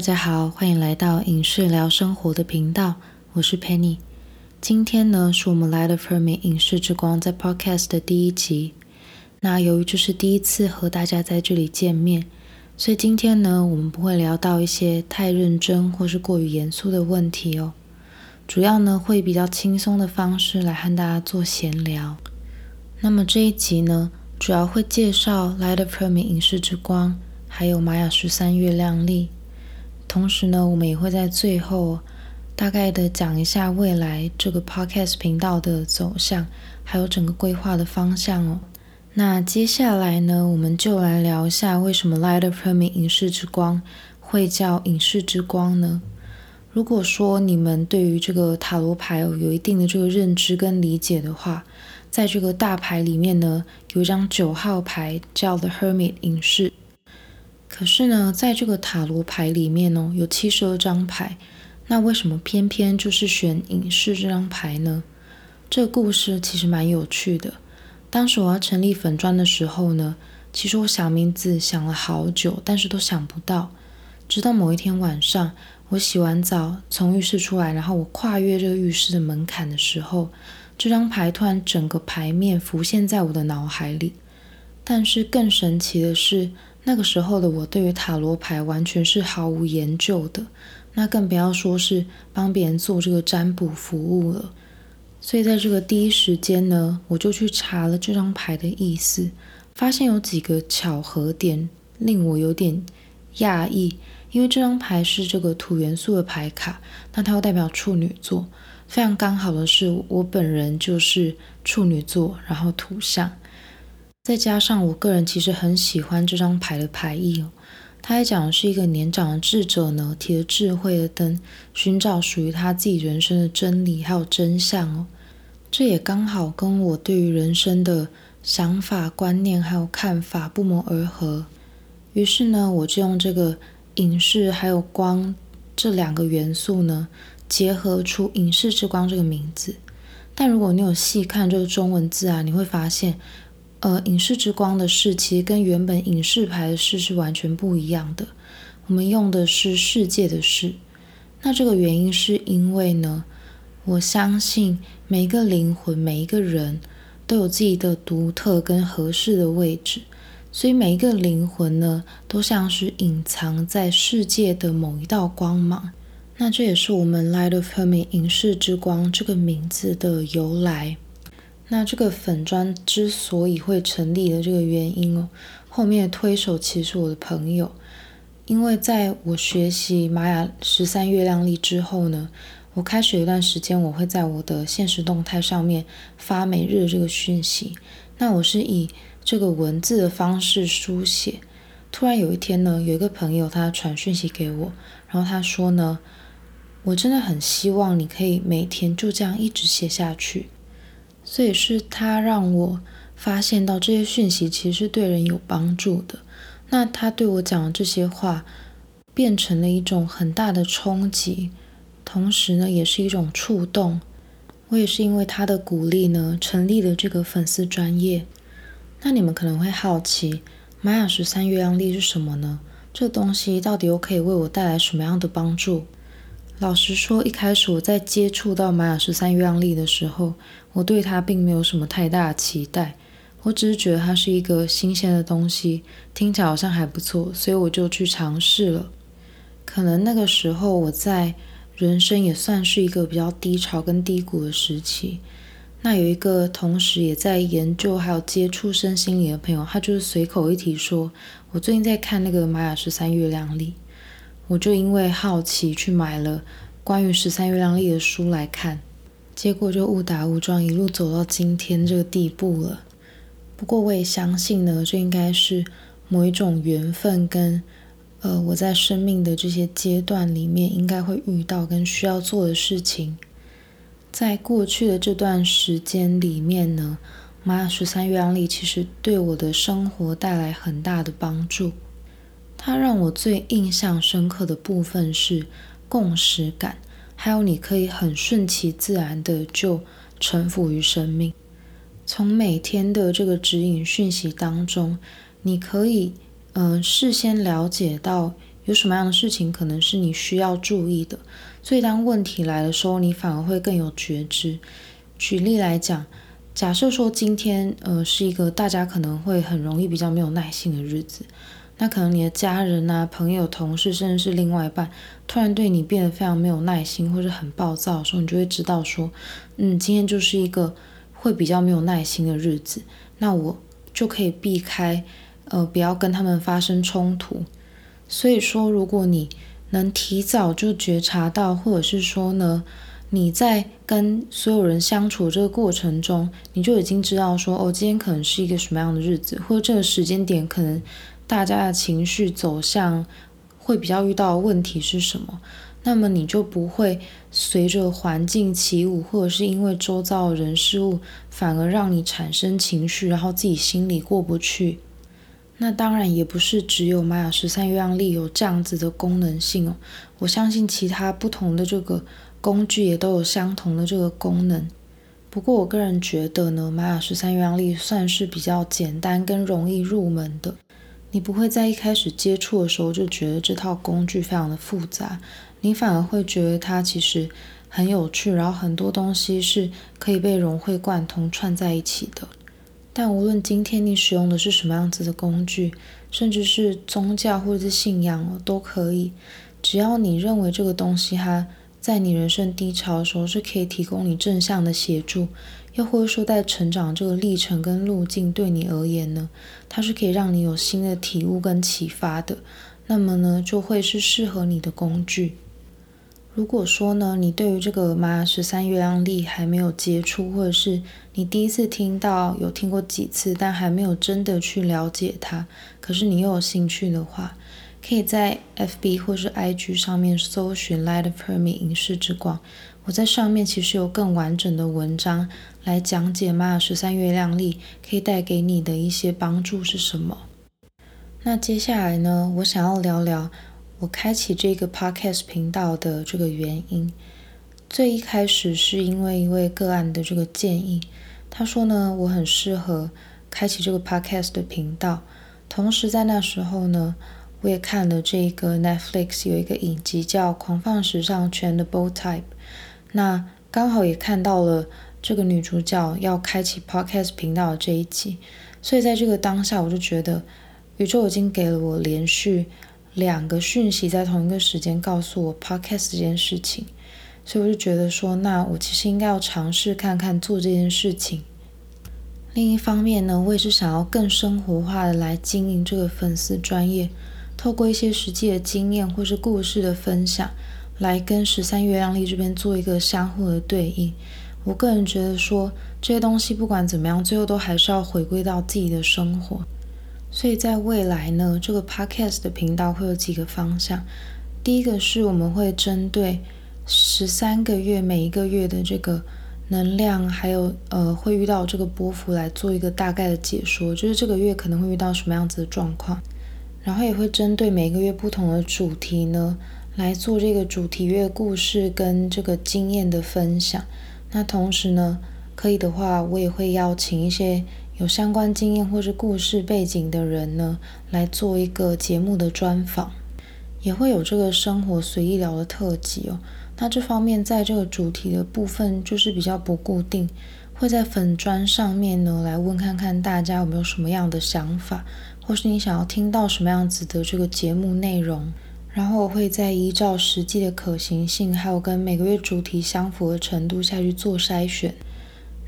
大家好，歡迎來到隱世聊生活的頻道，我是 Penny。今天呢，是我們 Light Of Hermit 隱世之光在 Podcast 的第一集。那由於就是第一次和大家在這裡見面，所以今天呢，我們不會聊到一些太認真或是過於嚴肅的問題哦。主要呢，會比較輕鬆的方式來和大家做閒聊。那麼這一集呢，主要會介紹 Light Of Hermit 隱世之光，還有馬雅十三月亮曆。同時呢，我們也會在最後大概的講一下未來這個 podcast 頻道的走向，還有整個規劃的方向哦。那接下來呢，我們就來聊一下為什麼 Light Of Hermit 隱世之光會叫隱世之光呢？如果說你們對於這個塔羅牌有一定的這個認知跟理解的話，在這個大牌裡面呢，有一張九號牌叫 The Hermit 隱士。可是呢，在這個塔羅牌裡面呢、哦，有七十二張牌，那為什麼偏偏就是選隱士這張牌呢？這個故事其實蠻有趣的。當時我要成立粉專的時候呢，其實我想名字想了好久，但是都想不到。直到某一天晚上，我洗完澡從浴室出來，然後我跨越這個浴室的門檻的時候，這張牌突然整個牌面浮現在我的腦海裡。但是更神奇的是。那個時候的我對於塔羅牌完全是毫無研究的，那更不要說是幫別人做這個占卜服務了。所以在這個第一時間呢，我就去查了這張牌的意思，發現有幾個巧合點令我有點訝異，因為這張牌是這個土元素的牌卡，那它又代表處女座，非常剛好的是我，我本人就是處女座，然後土象。再加上我個人其實很喜歡這張牌的牌意哦，它也講的是一個年長的智者呢，提着智慧的燈，尋找屬於他自己人生的真理還有真相哦。這也剛好跟我對於人生的想法、觀念還有看法不謀而合。於是呢，我就用這個隱士還有光這兩個元素呢，結合出“隱世之光”這個名字。但如果你有細看，這個中文字啊，你會發現。呃，隱世之光的「世」其實跟原本隱士牌的「士」是完全不一樣的。我們用的是“世界”的「世」，那這個原因是因為呢，我相信每一個靈魂、每一個人都有自己的獨特跟合適的位置，所以每一個靈魂呢，都像是隱藏在世界的某一道光芒。那這也是我們 “Light of Hermit” 隱世之光這個名字的由來。那這個粉專之所以會成立的這個原因哦，後面的推手其實是我的朋友，因為在我學習瑪雅十三月亮曆之後呢，我開始有一段時間，我會在我的現實動態上面發每日這個訊息。那我是以這個文字的方式書寫。突然有一天呢，有一個朋友他傳訊息給我，然後他說呢，我真的很希望你可以每天就這樣一直寫下去。所以是他讓我發現到這些訊息其實是對人有幫助的。那他對我講的這些話，變成了一種很大的衝擊，同時呢也是一種觸動。我也是因為他的鼓勵呢，成立了這個粉絲專頁。那你們可能會好奇，馬雅十三月亮曆是什麼呢？這東西到底又可以為我帶來什麼樣的幫助？老實說，一開始我在接觸到《瑪雅十三月亮曆》的時候，我對它並沒有什麼太大的期待。我只是覺得它是一個新鮮的東西，聽起來好像還不錯，所以我就去嘗試了。可能那個時候我在人生也算是一個比較低潮跟低谷的時期。那有一個同時也在研究還有接觸身心靈的朋友，他就是隨口一提說：“我最近在看那個《瑪雅十三月亮曆》。”我就因為好奇去買了關於十三月亮曆的書來看，結果就誤打誤撞一路走到今天這個地步了。不過我也相信呢，這應該是某一種緣分跟呃我在生命的這些階段裡面應該會遇到跟需要做的事情。在過去的這段時間裡面呢，馬雅十三月亮曆其實對我的生活帶來很大的幫助。它讓我最印象深刻的部分是共識感，還有你可以很順其自然的就臣服於生命。從每天的這個指引訊息當中，你可以呃事先了解到有什麼樣的事情可能是你需要注意的，所以當問題來的時候，你反而會更有覺知。舉例來講，假設說今天呃是一個大家可能會很容易比較沒有耐性的日子。那可能你的家人吶、啊、朋友、同事，甚至是另外一半，突然對你變得非常沒有耐心，或者很暴躁的時候，你就會知道說，嗯，今天就是一個會比較沒有耐心的日子。那我就可以避開，呃，不要跟他們發生衝突。所以說，如果你能提早就覺察到，或者是說呢，你在跟所有人相處這個過程中，你就已經知道說，哦，今天可能是一個什麼樣的日子，或者這個時間點可能。大家的情緒走向會比較遇到的問題是什麼？那麼你就不會隨着環境起舞，或者是因為周遭人事物，反而讓你產生情緒，然後自己心裡過不去。那當然也不是只有瑪雅十三月亮曆有這樣子的功能性哦。我相信其他不同的這個工具也都有相同的這個功能。不過我個人覺得呢，瑪雅十三月亮曆算是比較簡單跟容易入門的。你不會在一開始接觸的時候就覺得這套工具非常的複雜，你反而會覺得它其實很有趣，然後很多東西是可以被融會貫通串在一起的。但無論今天你使用的是什麼樣子的工具，甚至是宗教或者是信仰哦，都可以，只要你認為這個東西它在你人生低潮的時候是可以提供你正向的協助，又或者說，在成長這個歷程跟路徑對你而言呢，它是可以讓你有新的體悟跟啟發的。那麼呢，就會是適合你的工具。如果說呢，你對於這個馬雅十三月亮曆還沒有接觸，或者是你第一次聽到，有聽過幾次，但還沒有真的去了解它，可是你又有興趣的話，可以在 FB 或是 IG 上面搜尋 Light Of Hermit 隱世之光。我在上面其實有更完整的文章來講解馬雅十三月亮曆，可以帶給你的一些幫助是什麼。那接下來呢，我想要聊聊我開啟這個 podcast 頻道的這個原因。最一開始是因為一位個案的這個建議，他說呢，我很適合開啟這個 podcast 的頻道。同時在那時候呢，我也看了這個 Netflix 有一個影集叫《狂放時尚圈的 Bold Type》。那剛好也看到了這個女主角要開啟 podcast 頻道的這一集，所以在這個當下，我就覺得宇宙已經給了我連續兩個訊息，在同一個時間告訴我 podcast 這件事情，所以我就覺得說，那我其實應該要嘗試看看做這件事情。另一方面呢，我也是想要更生活化的來經營這個粉絲專頁，透過一些實際的經驗或是故事的分享，來跟十三月亮曆這邊做一個相互的對應。我個人覺得說，這些東西不管怎麼樣，最後都還是要回歸到自己的生活。所以在未來呢，這個 podcast 的頻道會有幾個方向。第一個是我們會針對十三個月每一個月的這個能量，還有呃會遇到這個波符來做一個大概的解說，就是這個月可能會遇到什麼樣子的狀況。然後也會針對每個月不同的主題呢。來做這個主題樂故事跟這個經驗的分享。那同時呢，可以的話，我也會邀請一些有相關經驗或是故事背景的人呢，來做一個節目的專訪。也會有這個生活隨意聊的特輯哦。那這方面在這個主題的部分就是比較不固定，會在粉專上面呢來問看看大家有沒有什麼樣的想法，或是你想要聽到什麼樣子的這個節目內容。然後我會再依照實際的可行性，還有跟每個月主題相符的程度下去做篩選。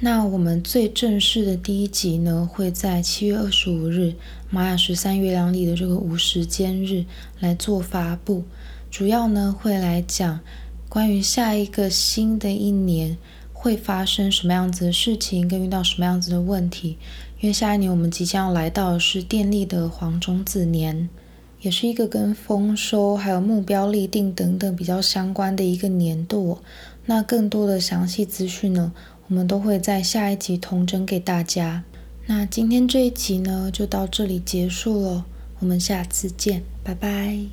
那我們最正式的第一集呢，會在七月二十五日，瑪雅十三月亮曆的這個無時間日來做發布。主要呢會來講關於下一個新的一年會發生什麼樣子的事情，跟遇到什麼樣子的問題。因為下一年我們即將要來到的是電力的黃種子年。也是一個跟豐收，還有目標立定等等比較相關的一個年度。那更多的詳細資訊呢，我們都會在下一集統整給大家。那今天這一集呢，就到這裡結束了，我們下次見，拜拜。